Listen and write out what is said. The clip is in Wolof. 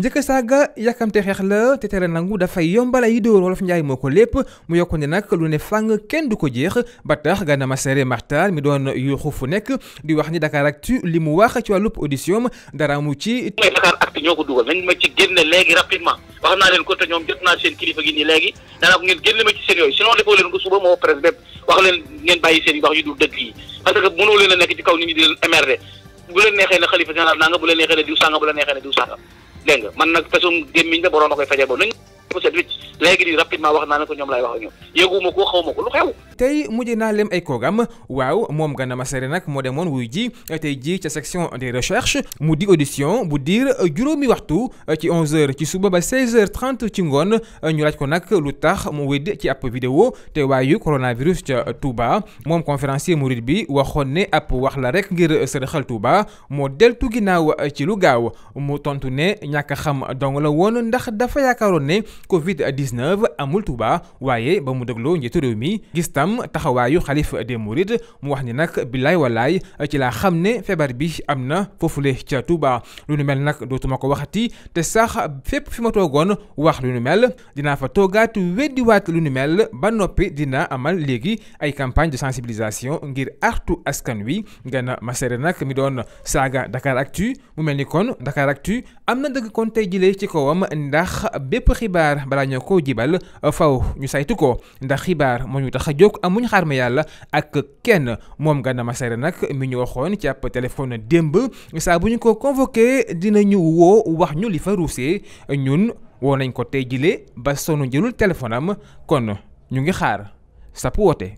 njëkk saga yàkkamte xex la te tere nangu fay yombala yi dóor wolof njaay moko lepp mu yokk ne lu ne fang ken du ko jeex ba tax Gana sere martal mi don yu xufu nek di wax ni Dakaractu li mu wax ci walup audition dara mu ci dakar Dakaractu ñoo ko dugal nañ ma ci genné légui rapidement wax na len ko te ñom jot na seen kilifa gi ni légui dara ngeen genné ma ci seen yoy sinon defo len ko suba mo presse bépp wax len ngeen bayyi seen wax yu du dëgg yi parce que mënu leen nek ci kaw ni ñi di leen mrd bu leen nexé na khalifa général na nga bu leen nexé na diou sanga bu leen nexé na diou sanga dégg nga man nag pesum gémmiñ la borom a koy fajal boobu nañ ko seet wicc léegi nii wax naa ne ko ñoom laay wax ak ñoom yëguma ko xaw ma ko lu xew tey mujj naa lem ay kogam waaw moom Gana Messere nag moo demoon wuy ji tey ji ca section des recherches mu di audition bu diir juróomi waxtu ci 11h ci suba ba 16h30 ci ngoon ñu laaj ko nag lu tax mu wedd ci ab vidéo te waayu coronavirus ca Touba moom conférencier Mouride bi waxoon ne ab wax la rek ngir sërëxal Touba moo deltu ginnaaw ci lu gaaw mu tontu ne ñàkk xam dong la woon ndax dafa yaakaaroon ne Covid 19 amul Touba waaye ba mu dégloo njiitu réew mi gis tam itam Khalif xalifa des mourides mu wax ni nag billaay wallaay ci laa xam ne feebar bi am na foofule ca Touba lu nu mel nag dootuma ko waxati sax wax lu mel fa lu mel ba dina amal léegi ay campagne de sensibilisation ngir artu askan wi gën midon saga, nag mi doon saaga Dakaractu mu mel ni kon Dakaractu am na dëgg kon tey jilee ci kawam ndax bépp jibal faw ñu saytu ko ndax ñu amuñ xaar ma yàlla ak kenn moom Gana Massere nag mi ñu waxoon ci ab téléphone démb saa bu ñu ko dina dinañu woo wax ñu li fa ruusee ñun woo nañ ko tey jile ba sonu jëlul téléphone am kon ñu ngi xaar sap woote